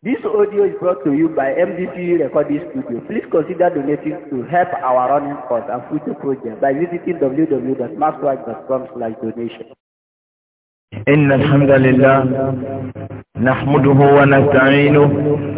This audio is brought to you by MDPU Recording Studio. Please consider donating to help our running costs and future projects by visiting www.maxwatch.com slash donation. إن الحمد لله نحمده ونستعينه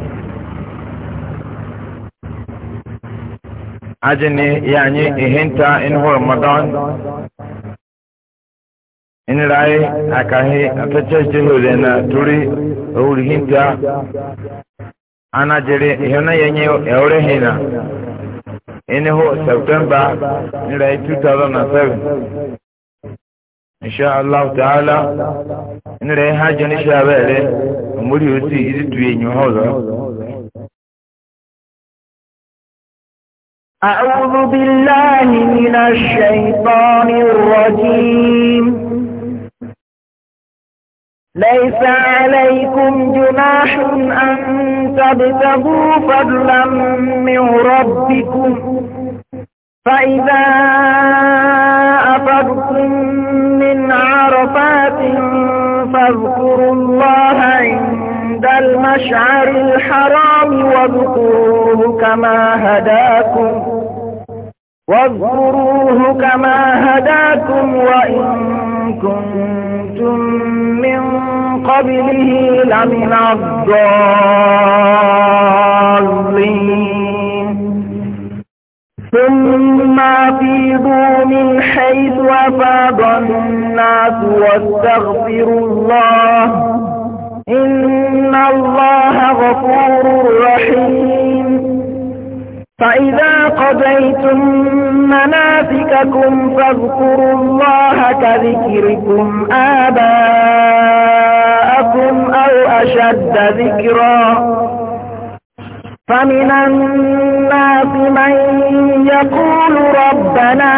ajini yani ihinta in hu ramadan in rai akahi atache jihu na turi uri hinta anajere hena yenye eure hina in Septemba september 2007 insha allah ta'ala in rai hajji ni shabere muri usi izi tuye nyu أعوذ بالله من الشيطان الرجيم ليس عليكم جناح أن تبتغوا فضلا من ربكم فإذا أفضتم من عرفات فاذكروا الله عند المشعر الحرام واذكروه كما هداكم واذكروه كما هداكم وإن كنتم من قبله لمن الضالين ثم أفيضوا من حيث أفاض الناس واستغفروا الله إن الله غفور رحيم فإذا قضيتم مناسككم فاذكروا الله كذكركم آباءكم أو أشد ذكرا فمن الناس من يقول ربنا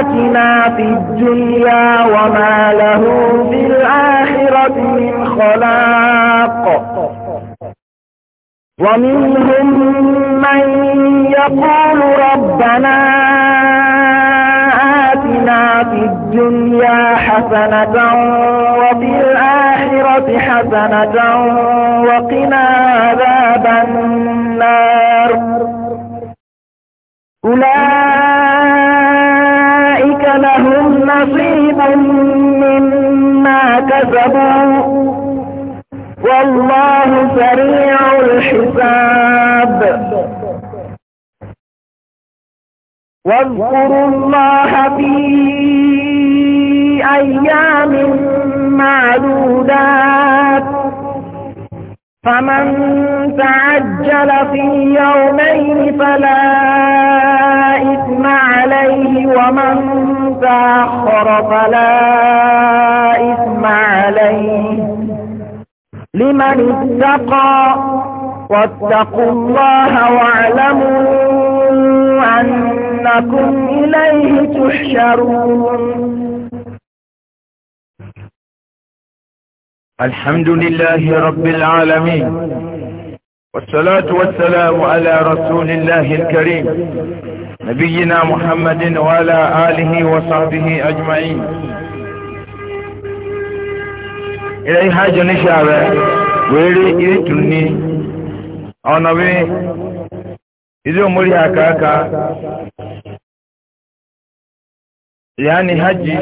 آتنا في الدنيا وما له في الآخرة من خلاق ومنهم من يقول ربنا آتنا في الدنيا حسنة وفي الآخرة حسنة وقنا عذاب النار أولئك لهم نصيب مما كسبوا والله سريع الحساب واذكروا الله في أيام معدودات فمن تعجل في يومين فلا إثم عليه ومن تأخر فلا إثم عليه لمن اتقى واتقوا الله واعلموا أنكم إليه تحشرون الحمد لله رب العالمين والصلاة والسلام على رسول الله الكريم نبينا محمد وعلى آله وصحبه أجمعين ilẹ̀ ihe ajọ níṣẹ́ ààrẹ wèé ịdị ìrìtù ní ọ̀nà wí ìdí òmórí àkàkà yaani haji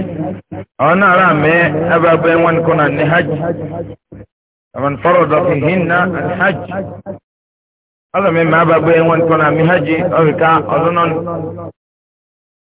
ọ̀nà ara mẹ́ ababẹ́ wọn kọ́nà ní haji àwọn fọ́rọ̀dọ̀ fi hinna haji ọ̀nà mẹ́ ababẹ́ wọn kọ́nà mi haji ọ̀rìká ọ̀dọ́nà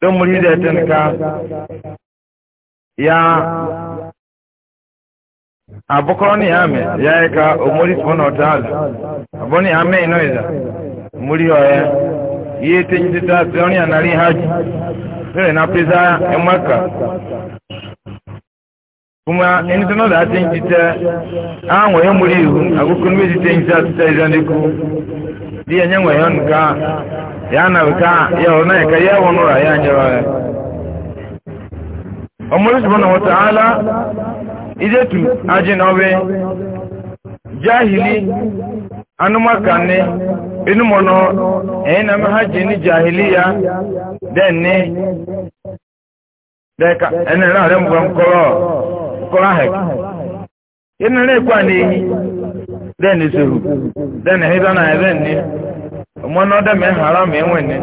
don muri da tinka ya abokoro ni ame ya yi e ka omori tsohon otaala abu ni ame ino iza muri oye yi ta e yi a nari haji sai na pisa ya kuma in tana da ta yi ta an waye ihu agukun meji ta yi ta ta izaniku diya e nyan waye nka ya na ka ya ona ka ya wono ra ya nyoro ya omuri subhanahu wa ta'ala idetu ajin obe jahili anumaka ne inu mono ena mahaji ni jahiliya den ne deka ene ra re mbo nkoro nkoro hek ene re kwa ne den suru den he dana even ne ọmọ náà dẹ̀ mẹ́ haram ẹ̀ wẹ̀ ní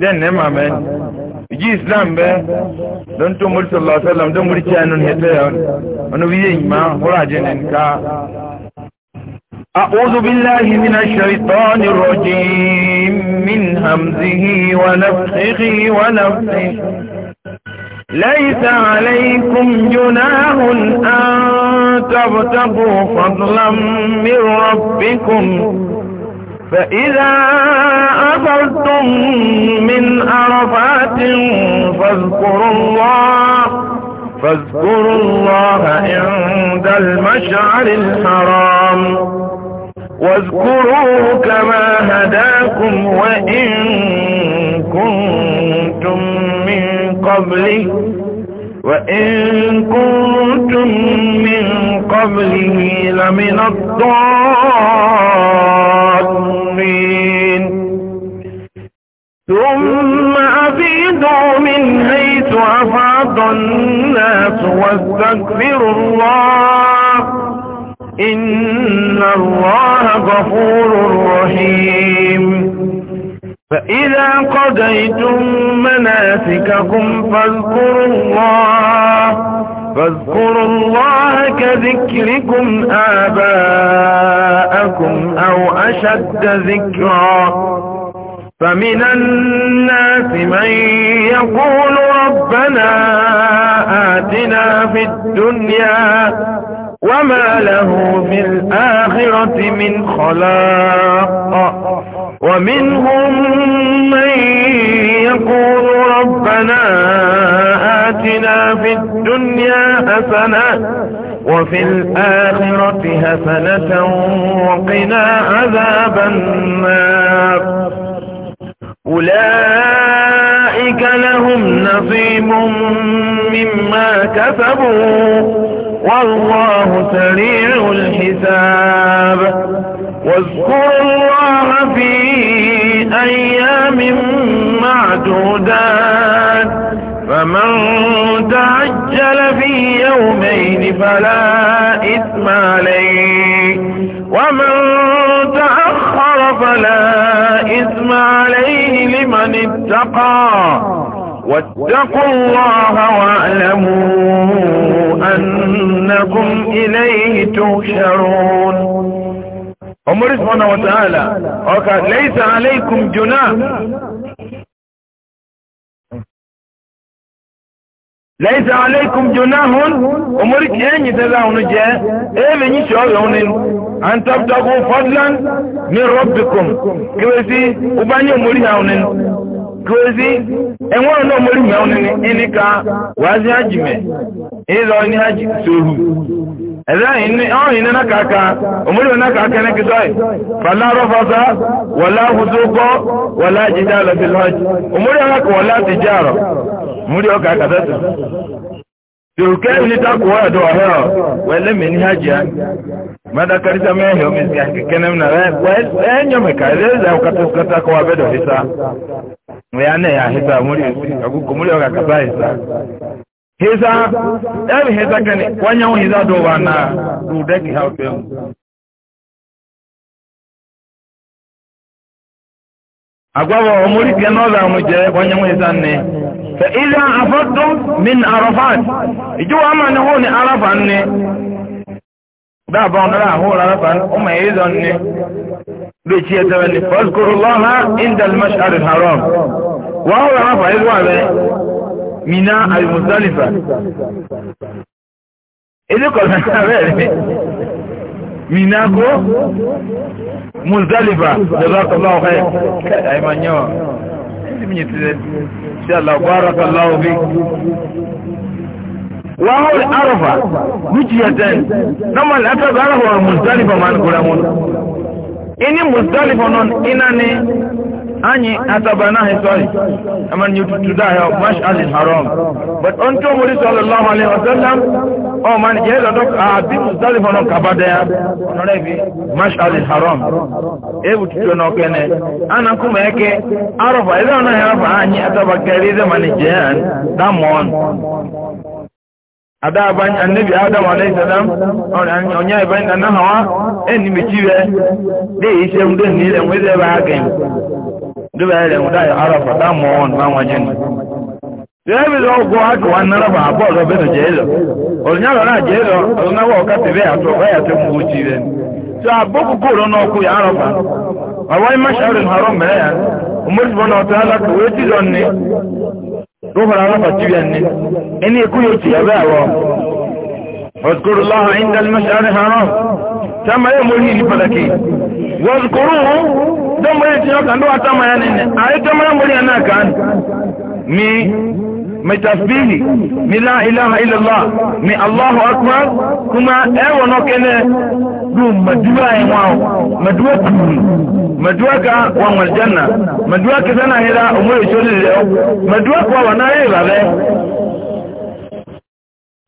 dẹ̀ ní ma mẹ́ ìjì islam bẹ́ lọ́n tó mọ́rí sọ̀rọ̀ ọ̀sẹ̀lọ̀ tó mọ́rí tí ẹnu nìyẹn tẹ́ ọ̀nà wíyẹ ìyìnmá ọ̀rọ̀ أعوذ بالله من الشيطان الرجيم من همزه ونفخه ونفخه ليس عليكم جناه أن تبتغوا فضلا من ربكم فإذا أفضتم من عرفات فاذكروا الله فاذكروا الله عند المشعر الحرام واذكروه كما هداكم وإن كنتم من قبله وإن كنتم من قبله لمن الضالين ثم أفيدوا من حيث أفاد الناس واستكبروا الله إن الله غفور رحيم فإذا قضيتم مناسككم فاذكروا الله فاذكروا الله كذكركم آباءكم أو أشد ذكرا فمن الناس من يقول ربنا آتنا في الدنيا وما له في الآخرة من خلاق ومنهم من يقول ربنا آتنا في الدنيا حسنة وفي الآخرة حسنة وقنا عذاب النار أولئك لهم نصيب مما كسبوا والله سريع الحساب واذكروا الله في أيام معدودات فمن تعجل في يومين فلا إثم عليه ومن تأخر فلا إثم عليه لمن اتقى واتقوا الله واعلموا أنكم إليه تحشرون ọmọrí sọ́nà wọ̀tàhálà ọkà lẹ́ìsà aláìkùn jùnà lẹ́ìsà aláìkùn jùnà hún ọmọrí kí ẹ̀yìn tẹ́lá ọ̀nà jẹ́ ẹ̀mẹ̀ yìí ṣọ́ ọ̀yọ́ ní àntàbtàkùn fọ́dland ní rọ́bìkùn kíwẹ́ sí ọba ní ọmọrí àwọn nínú gozi enwe na omori mewu nini ka wazi hajime ilo ni haji sohu ẹ̀rẹ́ ọ̀rìn iná kàkà omori iná kàkà ní kìtọ́ ẹ̀ fàlá rọ́fàtà wọ̀lá fúsókọ́ wọ̀lá jíjà lọ́fẹ́lọ́jì omori ọkà wọ̀lá ti ọmụrụ rọ̀ ọka Tòrùkẹ́ ní takùwọ́ ẹ̀dọ̀ ọ̀hẹ́ ọ̀ wẹ́lẹ́ mi ní hajjá. Mẹ́ta kẹrìsà omi sí àkẹ́kẹ́ náà rẹ̀ ẹ̀yọ́ mẹ́ka ẹ̀lẹ́lẹ́ ọkàtàkùkàtà kọ́ abẹ́dọ̀ hísà. Wọ́n yá náà yà hísà ọkùnkùn wọ́n yẹn hísà فإذا أفضتم من عرفات ìjọwọ́ ma ní hó ní arafa ní dábàá ọ̀nà àhó arafa ní ọmọ èyí zọ ní bí i ṣe tẹ́wẹ́ ní fọ́skúrú lọ́ha indal mashari haram wọ́n hó arafa yìí wà rẹ̀ mina alimusalifa ilé kọ̀ọ̀kan rẹ̀ rẹ̀ mina kó musalifa jọba kọ̀ọ̀kan rẹ̀ sim yi tire insha Allah barakallahu fi wa hawli arafa mujiyatan normal ata arafa wa muzdalifa man guramun ini muzdalifa non ina ne anyi atabana he sorry aman you to die of mash'al haram but unto muhammad sallallahu alaihi wasallam ọ ma ni jẹ́ lọ́dọ́ àbí mùsùlùmí fọ́nà kàbádẹ́yà ọ̀nàrẹ́ marshal haram ewu tuntun náà kẹ́nẹ̀ ana kú mẹ́kẹ́ arọ́fà ilé ọ̀nà arọ́fà anyi atọ́ba kẹ́rì ilé ma ni jẹ́ àn dámọ́n adáàbáyé anábì adam aláìsàdám ọ̀nyá ìbáyé nana hàwá ẹni mìtí rẹ léyìí iṣẹ́ ń dé ní ilẹ̀ sẹ́ẹ̀bìlì ọgọ́ àgọ́ anáraba àbọ̀lọ́ bẹ́ẹ̀ jẹ́ lọ òrìnyàlọ́ náà jẹ́ lọ ọ̀nàwọ̀ ọ̀ká tẹ̀lé àtọ̀ ọ̀yà tẹ̀ mú ojì rẹ̀ tí àbọ̀kù kúrò náà kú yà àrọ̀bà ọ̀wọ́ ìmáṣàrin ọ̀rọ̀ mẹ́rẹ̀ yà ọmọdébọ̀ náà tẹ́ alákò wé tí lọ́n ní lóhùn àrọ̀bà tí bẹ́ẹ̀ ní ẹni ikú yóò ti ẹ̀bẹ́ àwọ̀ ọ̀tukùrù lọ́hùn ìndàlí máṣàrin ọ̀rọ̀ tẹ́mà yẹ́ mọ́ yìí ní pàtàkì wọ́n kúrò dọ́mọ̀ yìí tí wọ́n kàn ló wà tẹ́mà yẹ́ nínú àyè tẹ́mà yẹ́ mọ́ yìí náà kàn ní mai tasbihi mi la ilaha illallah mi allahu akbar kuma ẹwọ náà kẹlẹ du maduwa e ẹ wọn maduwa kuru maduwa ka wọn wọn janna maduwa kẹsẹ náà yẹra ọmọ èso lè maduwa kọ wọn e náà yẹ rà bẹ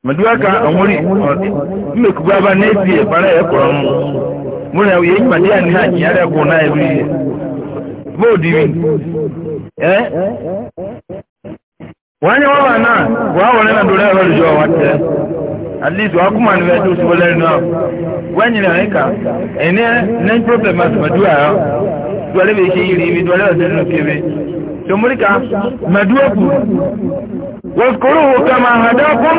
maduwa ka ọmọ rí mmekuba bá n'efi ẹ̀fara ẹ̀ kọ̀ọ̀ mu mo na yẹ ìpàdé àníhàn yàrá ẹ̀kọ́ náà ẹ̀ wí bóòdì wí ẹ́ wani wawa na wawa na na dole wa rijo wa te at least wa kuma ni vetu so le no wani na eka ene ne problem as madua yo dole be shi ri bi dole wa se no kebe to murika madua ku wazkuruhu kama hadakum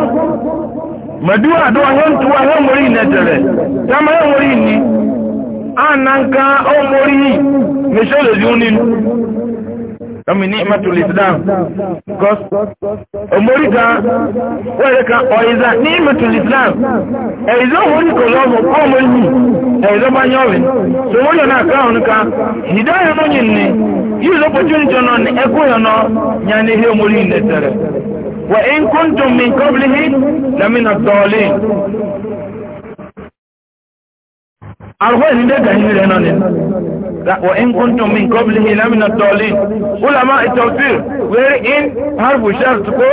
madua do hen tuwa hen muri ne tere kama hen muri ni ananka o muri misole junin ọmọ ní ìmọ̀tòlù islam ọmọrí kan wọ́n kan ọ̀yẹ̀dá ní ìmọ̀tòlù islam ẹ̀yẹ̀dá ọmọrí kò lọ́wọ́ ọmọ yìí ẹ̀yẹ̀dá bá yọ̀ rẹ̀ tó wọ́n yọ̀ náà káwọn kan ìdá yẹn mọ́ yìí ni yìí ló bójú ní jọ̀nà ní ẹkú yọ̀nà yẹn ní ihe ọmọrí ilẹ̀ tẹ̀rẹ̀ wọ́n ń kúntùn mi kọ́bìlì àrùkọ́ ìnídé gàyìn rẹ̀ náà ni "Wa in kúntùn mi nǹkan bí i lámìnà tọ́lí ulama ìtọ́fíìr wẹ́rẹ́ in harbu shart kó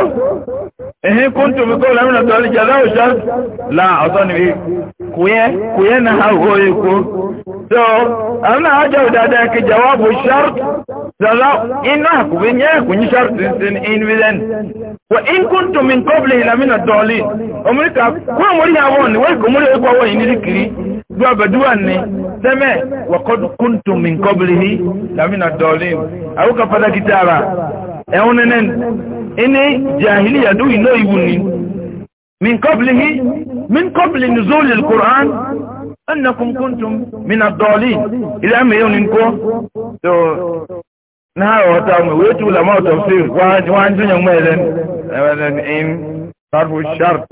ehin kúntùn mi kó lámìnà tọ́lí jàdáwò shart la na ha wọ́ ikú so haja, jawabu shart shart in within bí ọbẹ̀dúwà ní tẹ́mẹ̀ wọ̀kọ́dù kúntùn mi kọ́bìlì yìí lámìnà dọ̀ọ̀lìm àwòkà pàtàkì tààrà ẹ̀hún nínú ẹni jàhìlì yàdó ìlò ìwù ni mi kọ́bìlì yìí mi kọ́bìlì ní zóòlì kùrán ẹnìkùn kúntùn mi nà dọ̀ọ̀lìm ilé àmì yóò ní kó tó náà ọ̀tá ọmọ ìwé tó làmọ́ ọ̀tọ̀ fíìl wá صرف الشرط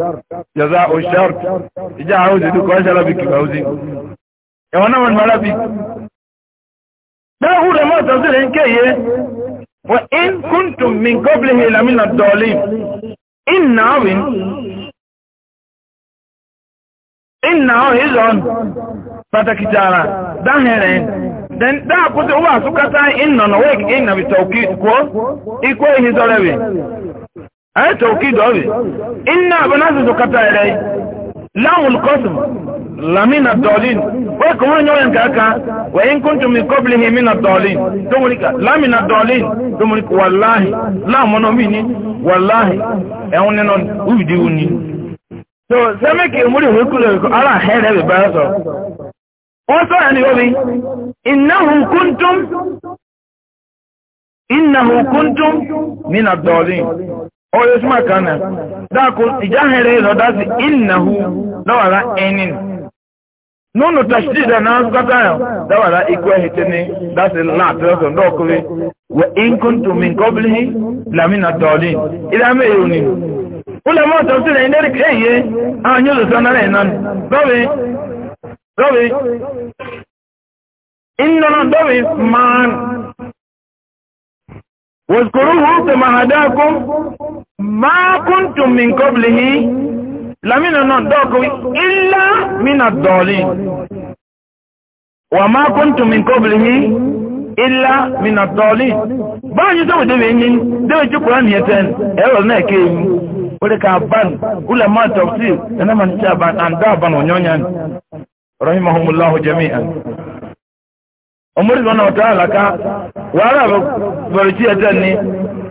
جزاء الشرط إجا عوزي دوك واشرا بك عوزي يوانا من مالا بك ما هو ما تصير إن كي وإن كنتم من قبله لمن الضالين إن ناوين إن ناو إذن فتكتارا دهرين then that put over sukata in non awake in na bitawkid ko iko hizalewe ayé tòkí dọ́ọ̀bì iná abẹ́násìtò kata ẹ̀rẹ́ láwọn olùkọ́sùn lamina dọ́ọ̀lìn wọ́n kò wọ́n yọ̀rọ̀ nǹkan kan wọ́n kún tún mi kọ́bìlì yín mina dọ́ọ̀lìn dominika lamina dọ́ọ̀lìn dominika wàláhì láwọn ọmọ mi wàláhì ẹ̀hún nínú so sẹ́mẹ́kì ìmúrí ìwé kúlẹ̀ ẹ̀kọ́ ara àhẹ́rẹ́ bẹ̀ báyọ̀ sọ. wọ́n sọ ẹni wọ́n ìnáhùn kúntùm ìnáhùn oyo suma kana dako ijahere lo dasi innahu dawala enin nono tashdida na katayo dawala ikwe hitene dasi la tozo ndokwe wa in kuntum min qablihi la min ad-dallin ila me yuni ula mo tafsir ndere keye anyo lo sana nan dobe dobe inna dobe man واذكروه كما هداكم ما كنتم من قبله لمن نداكم إلا من الضالين وما كنتم من قبله إلا من الضالين báyìí tó wùdí mi ní déwì tí kùrán yẹn tẹ́ ẹ̀rọ náà kéè mú orí ka ban ulẹ̀ máa tọ̀ sí ẹ̀nà máa ń àǹdá àbá ọ̀nyọ́nyá ni rahimahumullahu jami'an umar zuwa wata halaka wara barci ya can ne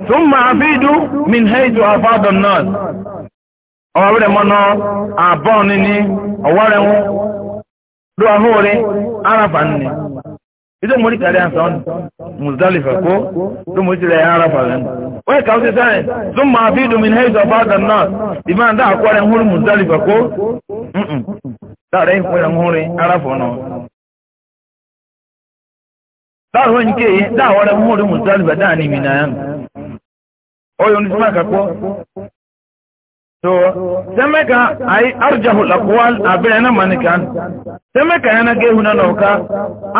sun ma'afidu min haitu a fadon nan ọwọ́ rẹ̀ mọ́nà àbọ̀n ní ní ọwọ́ rẹ̀ wọn ló ahó rẹ̀ arafa ní ìdó mọ́rí kàrí àsán musdalifa kó ló mọ́rí tirẹ̀ arafa rẹ̀ wọ́n kà ó ti sáré sun ma'afidu min haitu a fadon nan ìmọ̀ àdá àkọ́ rẹ̀ ń húrí ń húrí arafa náà Dáwọn ní kéèyé, dáwọn ọ̀rẹ́ mú orímù tálìbà dáà ní ìmìnà ẹ̀. Ọyọ̀ ní súnmọ́ àkàkọ́. So, sẹ́mẹ́ka àyí arjahu lakuwa abẹ́rẹ́ náà mànìkà. Sẹ́mẹ́ka yẹn náà géhùn náà ọ̀ká.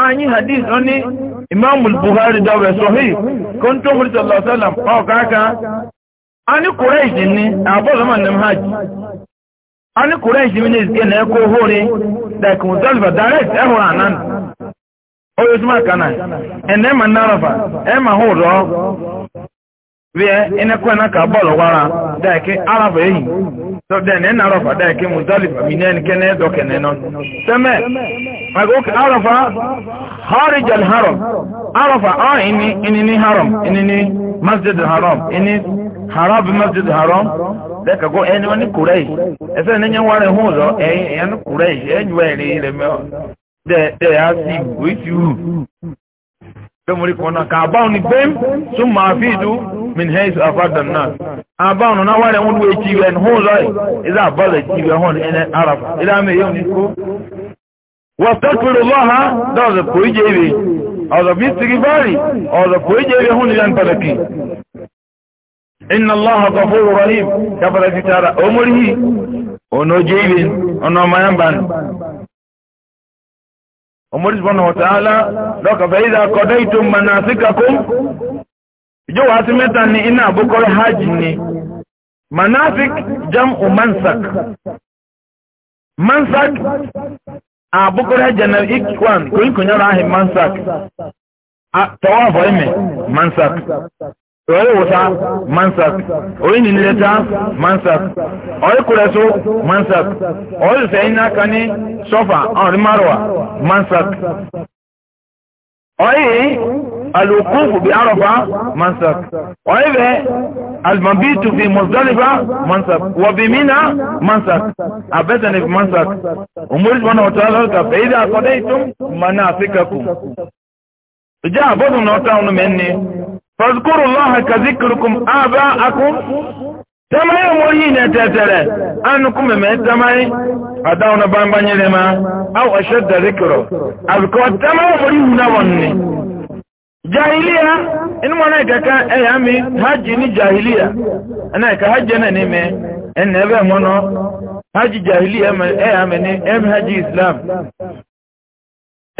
Àyí hadith wọn ní Imamul Buhari dáwẹ̀ sọ̀hí, kọ́ńtò Mùrítà Lọ́sálàm, ọ̀ká ká. A ní Kùrẹ́ẹ̀jì ní àbọ̀lọ́mà nàm hajj. A ní Kùrẹ́ẹ̀jì mi ní ìsìkẹ́ oyo suma kana ene ma narafa e ma huro wie ene kwa na ka bolo wara da ke arafa ehi so den ene narafa da ke muzdalifa minen kene do kene non teme mago ke arafa kharij al haram arafa a ini ini ni haram ini ni masjid al haram ini harab masjid al haram da ka go ene ni kurai ese ne nyen ware huzo e ene kurai e me dẹ̀ á sí wíṣí wù lómúrí kan náà ka àbáwọn ni bẹ́ẹ̀m tún máa fi ìdú minhais afáàdàn náà àbáwọn náà wà rẹ̀ wọ́n wé jí rẹ̀ hó lọ́ẹ̀ ilé àbọ̀lẹ̀ jí rẹ̀ hàn ẹnẹ arafa ilé àmì èyí ní kó wọ́n tẹ́kùrù lọ́ha dọ́ọ̀dọ̀ kò í jẹ́ ìwé ọ̀dọ̀ bí tìrìbárì ọ̀dọ̀ kò í jẹ́ ìwé hún ilẹ̀ pàtàkì inna allah ghafurur rahim kafara fitara omori onoje ibin ono mayan ban ọmọdé sọ́nà wọ̀tàálá lọ́kàfẹ́ ìdá kọ̀dọ̀ ìtò mọ̀nà síkàkó ìjọwà sí mẹ́ta ní iná àbúkọ́rẹ́ hajj ni manafik jam'u mansak mansak àbúkọ́rẹ́ janar ikwan kòyíkòyára ahì mansak tọwọ́ àfọ́ ẹ̀mẹ̀ mansak oyi wuta mansak oyi ninileta mansak oyi kureso mansak oyi sẹyin n'aka ni sọfa ọrin marwa mansak oyi alukufu bi arafa mansak oyi bẹ almabitu fi musdalifa mansak wabimina mansak abẹsẹni mansak umuri sọmọna wata alaka fẹyìí akọdẹ itum mana afikaku ìjà àbọ̀dùn náà táwọn mẹ́ni. fazkuru Allah ka zikrukum aba'akum tamaye mori ne tetere an kuma me tamaye adauna bambanye ne ma au ashadda zikru azko tamaye mori na wonne jahiliya in mana ka ka e ami haji ni jahiliya ana ka haji na ne me en mono haji jahiliya ma e ami ni em haji islam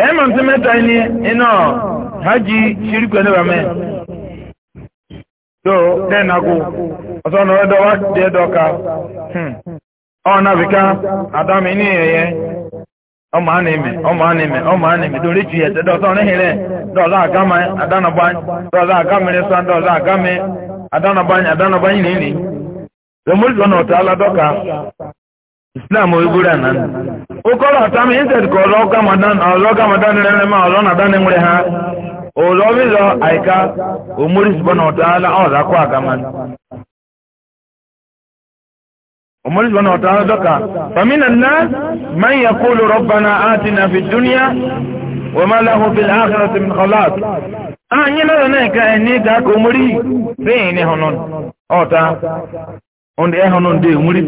em am semeta ni ino haji shirku ne ba so den agụ ọzọ na ọdọ wa dị ka ọ nabika adami ní ẹyẹ ọmọ a na-eme ọmọ a na-eme ọmọ a na-eme dị dori ju ẹsẹ dọsọ n'ehere dọla agama adanabanye dọla agamere sa dọla agame adanabanye adanabanye n'ili lomolisi ọna ọta ala dọka islam ogbura na ụkọrọ atami inset ka ọlọ gamadan ọlọ gamadan rere ma ọlọ na adanị nwere ha olóòmìnira àyíká òmùrìsìbọnà ọ̀tàlá ọ̀dà kọ́ àgàmán òmùrìsìbọnà ọ̀tàlá dọ́kà fàmínà náà máa ń yẹ kó ló rọ́bànà àti nàfi dúníà wọ́n máa láhùn fi láàkàrà sí mìkọ́láàt ààyè náà náà ká ẹni dákò òmùrì fẹ́yìn ní hànán ọ̀tá ọ̀dẹ̀ ẹ̀hánán dé òmùrì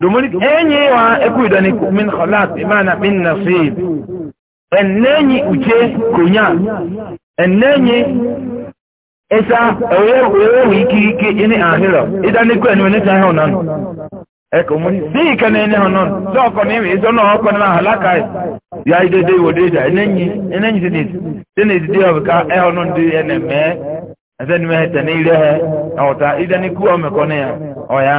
domin enyi wa eku idani min khalas imana min nasib enenyi uche kunya enenyi esa oye ike ike iki ini ahira idani ku enu ne tan honan eko mun si kan ene honan so ko ni mi so no ko na halaka ya ide de wo de da enenyi enenyi de de ne de of ka e honan de ene me ese ni me tani re he awta idani ku o me ya oya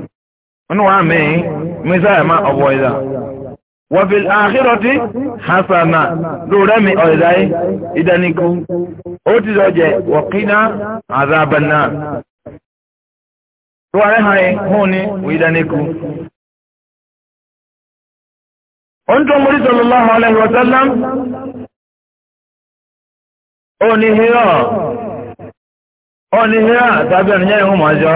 wani wa mai misaya ma abuwa iza wafil ahiroti hasana lura mai ọ̀dai idaniku o ti zọjẹ wakina azabanna tuwari hari huni idaniku on tó múrí sallallahu alaihi wasallam o ni hira o ni hira tàbí ọ̀nìyàn ihun mọ́jọ́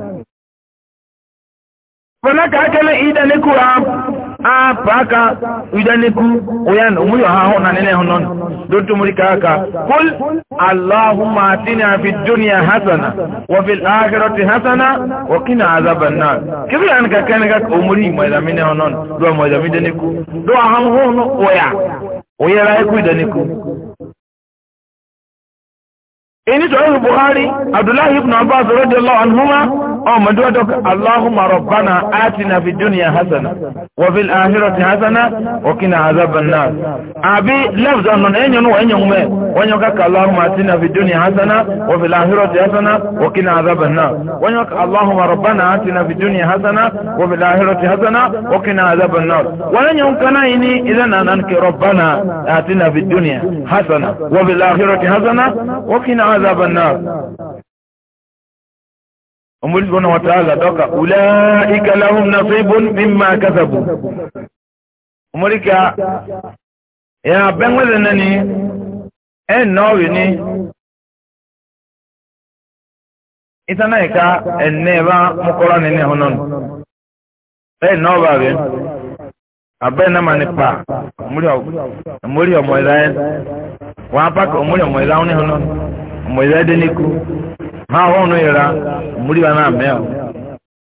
fọlọ́kà akẹ́lẹ̀ ìdánikú ha apáka ìdánikú oyan omúyọ̀ ha hàn náà nílẹ̀ hàn lótú múrí káàkà kúl aláhùnmá tí ni a fi dúnìyà hasana wọ́fi láàkírọ̀tí hasana wọ́kínà azaban náà kí yàn kàkẹ́ ní kàkà omúrí ìmọ̀ ìdàmí náà hàn lọ́wọ́ mọ̀ ìdàmí ìdánikú lọ́wọ́ hàn hàn ọ̀yà òyẹ́ra ẹkú ìdánikú ini tsoron buhari ibn abbas radiyallahu anhuma ọmọ dúdú aláhùnmá rọ̀bánà àti na fi dúnìyà hasana wọ́fíl ahírọ̀tì hasana ọkìnà azaban náà àbí lẹ́fùsà nọ ẹ̀yàn wọ ẹ̀yàn mẹ́ wọ́n yọ káka aláhùnmá àti na fi dúnìyà hasana wọ́fíl ahírọ̀tì hasana ọkìnà azaban náà wọ́n yọ káka aláhùnmá rọ̀bánà àti na fi dúnìyà hasana wọ́fíl ahírọ̀tì hasana ọkìnà azaban náà wọ́n yọ kaná yìí ní ilẹ̀ nànà kí rọ̀bánà àti na fi dúnìyà hasana wọ́fíl ahírọ̀tì hasana ọkìnà azaban náà ọmọlú bọ́nà wọn tàà lọ́dọ́kà ulẹ́ ìkẹlẹ́hùn náà fún ibùn bí mà kẹsàbù ọmọlíkà ẹ̀ abẹ́wẹ́lẹ̀ náà ni ẹ̀ nọ́ọ̀rì ni ìtànà ìka ẹ̀nẹ́ ẹ̀bá mọ́kọ́rọ́ nínú ẹ̀hún náà ẹ̀ nọ́ọ̀rì rẹ̀ abẹ́ náà mà ní pa ọmọlí ọmọ ìlà ẹ̀ wọ́n apá ọmọlí ọmọ ìlà ọ̀hún náà ọmọ ìlà ẹ̀ dẹ́ni kú. ha hụ nụ ịra mmiri na amịa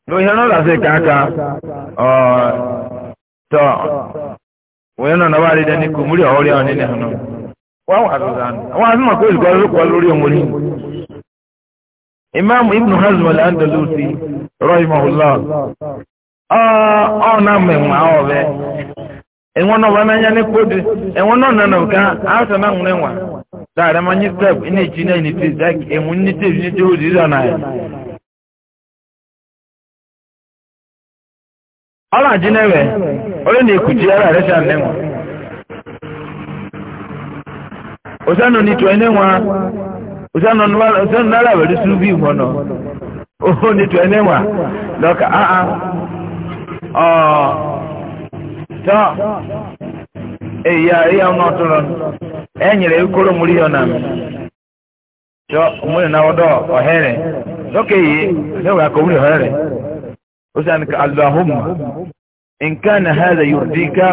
n'ihe nọ na aka ọ tọ nọ na ọhụrụ ya wa azụ maka ezigbo ọrụ kwa imam ibn hazm al andalusi rahimahullah ọ na mmenwe ahụ bụ enwe nọ n'anya n'ekpodi enwe nọ na nọ ka na nwere dáadáa máa ní club ní ìtì ní tí dáàkì èmú ní tí ní tí ó rí lọ́nà ẹ̀. ọ̀rọ̀ àjínẹ́wẹ̀ orí ni èkùtì ara rẹ̀ ṣàn lẹ́wọ̀n. òsánù ní tọ́ ẹnẹ́wọ̀n òsánù náírà pẹ̀lú súbì ìmọ̀nà ó ní tọ́ ẹnẹ́wọ̀n lọ́kà áhà ọ̀ tọ́. eya eya n'ọtụrụ e nyere ekoro mụrụ ihe na chọ mụrụ na ọdọ ọhere dọka eyi n'ewe aka mụrụ ọhere osan ka allahumma in kana nke yurdika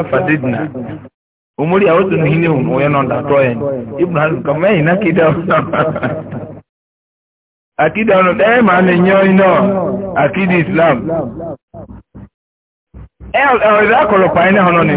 na kida akida no de ma ne nyo ino islam e, e, e,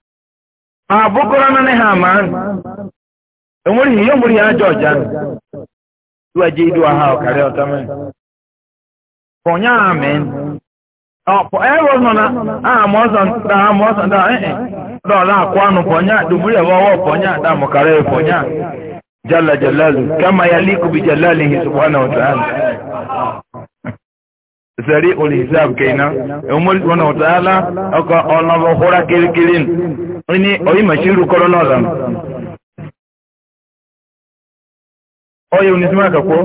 abụkọrọ na ne ha ma enwere ihe omuri ya ajọ ọja tuwa idu aha ọkarị ọta mee pọnya amen ọpọ ẹwọ nọ na ama ọsọ nta ama ọsọ nta ee dọla akwọ anụ pọnya duburi ẹwọ ọwọ pọnya damọkarị pọnya jalla jalalu kama ya likubi jalalihi subhanahu wa ta'ala sari olùhisab keina umar subhanahu wa ta'ala ọkọ ọlọ́bọ̀ húra kirikiri ní oyi mashiru kọlọ́lọ́dàn oyi onisima kakwo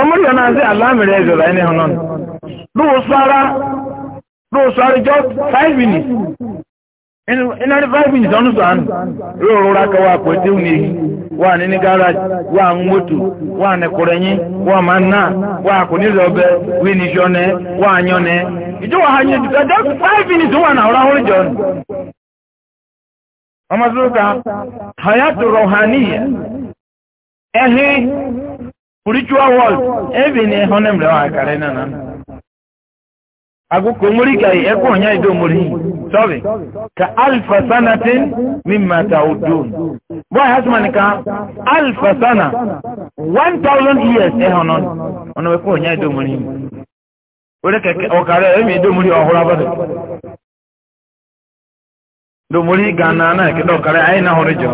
umar yọ náà sí alámìrẹ ẹzọ̀lá ẹni hàn náà lóòsára lóòsára just five minutes ina ni vibe ni zanu zanu ro ro ra ka wa ko ti uni wa ni ni garage wa moto wa ne korenyi wa manna wa ko ni robe wi ni jone wa nyone ijo wa na ora hore jon ama ka spiritual world na agogo muri ka ẹkọ ọnya ido muri sọri ka alfa sanatin mimma bụ boy hasman ka alfa sana 1000 years e honon ono ẹkọ ọnya ido muri were keke ọkara emi ido muri ọhụrụ abalị do muri ga na ke do ọkara anyị na ahụrụ jo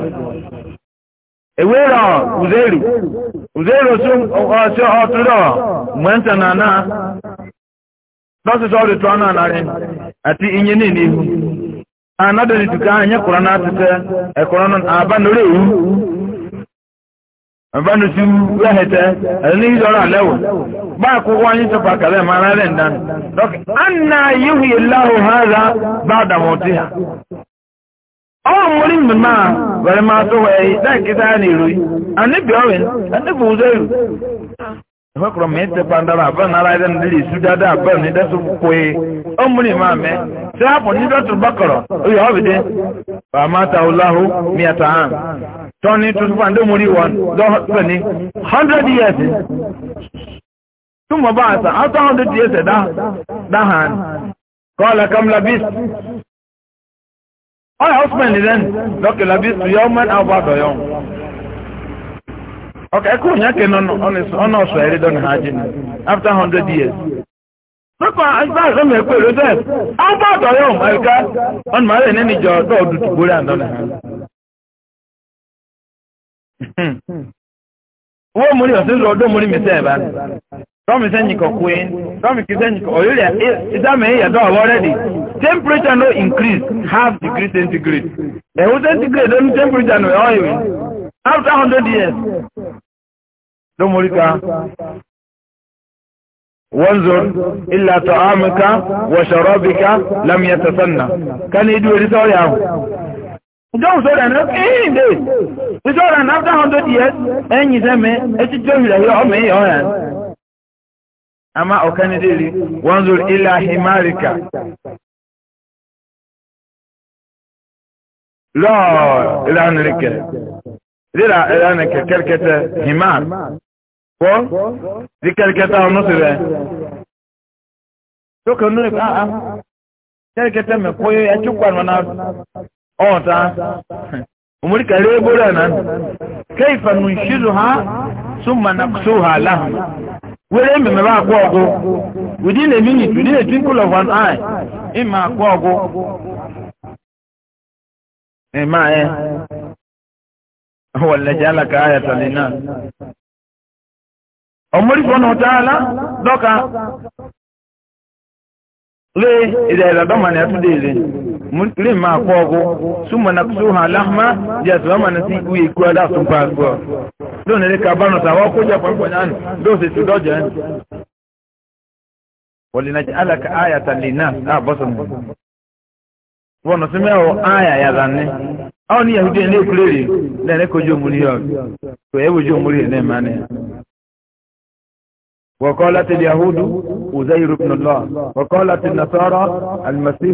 na na nọọsụ sọọ dịtụ anụ anarị ati inye niile n'ihu anadọ dịtụ ka anyị kụrụ na atụte ekụrụ na aba nọrọ ewu aba nọsi wehete ẹni n'ihi dọrọ alẹwọ baako ụgwọ anyị sọpa kala ma anarị ndan dọk anna yihu ilahu haza bada mọtị ha ọ mmiri mmemme a were ma atụ wee daa nkịta ya na-eru anibi ọwịn anibi ụzọ eru fakuro mi te pandara aban nara idan dili su dada aban ni dasu kwe ame. ma me se apo ni dasu bakoro oyo obide fa mata ullahu miata an toni tu pande muri wan do tani 100 years tuma ba sa after 100 years da da labis Okay, I couldn't get on honest on us I after hundred years. Papa, as far as I'm a queer how about I am, I got on my any job, dog to go down Owó mo ní ọ̀sẹ̀ lọ ọdún mo ní mi Tọ́mi sẹ́yìn kọ̀ queen, tọ́mi kì sẹ́yìn kọ̀ ọ̀yọ́ rẹ̀ ìdámẹ̀ ìyàdọ̀ ọ̀wọ́ Temperature no increase half degree centigrade. Ẹ̀wọ̀n centigrade ló ní temperature no ẹ̀ ọ́ After hundred years, لمريكا وانظر إلا طعامك وشرابك لم يتسنى كان يدوي رسالة ياهو Ìjọ́hùn sọ́rọ̀ ẹ̀nà ẹ̀yìn dé. Ìjọ́rọ̀ ẹ̀nà after 100 years ẹ̀yìn sẹ́mẹ́ ẹ̀tí tó ìrẹ̀ yọ ọmọ èèyàn ọ̀rẹ́. A máa ọ̀kẹ́ ní dèrè wọ́n zòrò ilẹ̀ ahìmáríkà. Lọ́ọ̀ ìlànà rẹ̀ kẹ̀. Rírà ìlànà kẹ̀kẹ́ kẹ̀tẹ̀ hìmáà. wọ́n di kẹ́rìkẹ́tà ọ̀nà sí rẹ̀ tókè ní ìpá á kẹ́rìkẹ́tà mẹ́kọ́ yẹ ẹ̀chúkwà nínú ọ̀ọ̀ta òmùríkàrí ébó rẹ̀ náà kẹ́ìfà nù ìṣírò ha súnmà nà só hà láhùn wẹ́rẹ́ mẹ́mẹ́ bá kú ọ̀gọ́ within a minute within a twinkle of an eye ìmà kú ọ̀gọ́ ìmà ẹ̀ wọ́n lẹ́jà alákàáyà tàlẹ́ náà. ọmọdébọnà ọ̀tàlá dọ́ka lé ilẹ̀ ìrọ̀dọ́mọ̀nà ẹ̀túndé ilé lè máa pọ̀ ọgọ́ súnmọ̀nà sóhà láhùmá jẹ́ àtìwámọ̀nà sí ikú ikú ẹ̀dá àtúnpá gbọ́ lónìí lè kàbánu tàwọn kó náà alaka náà sí mẹ́wọ̀ yàrá àwọn وقالت اليهود أزير بن الله وقالت النصارى المسيح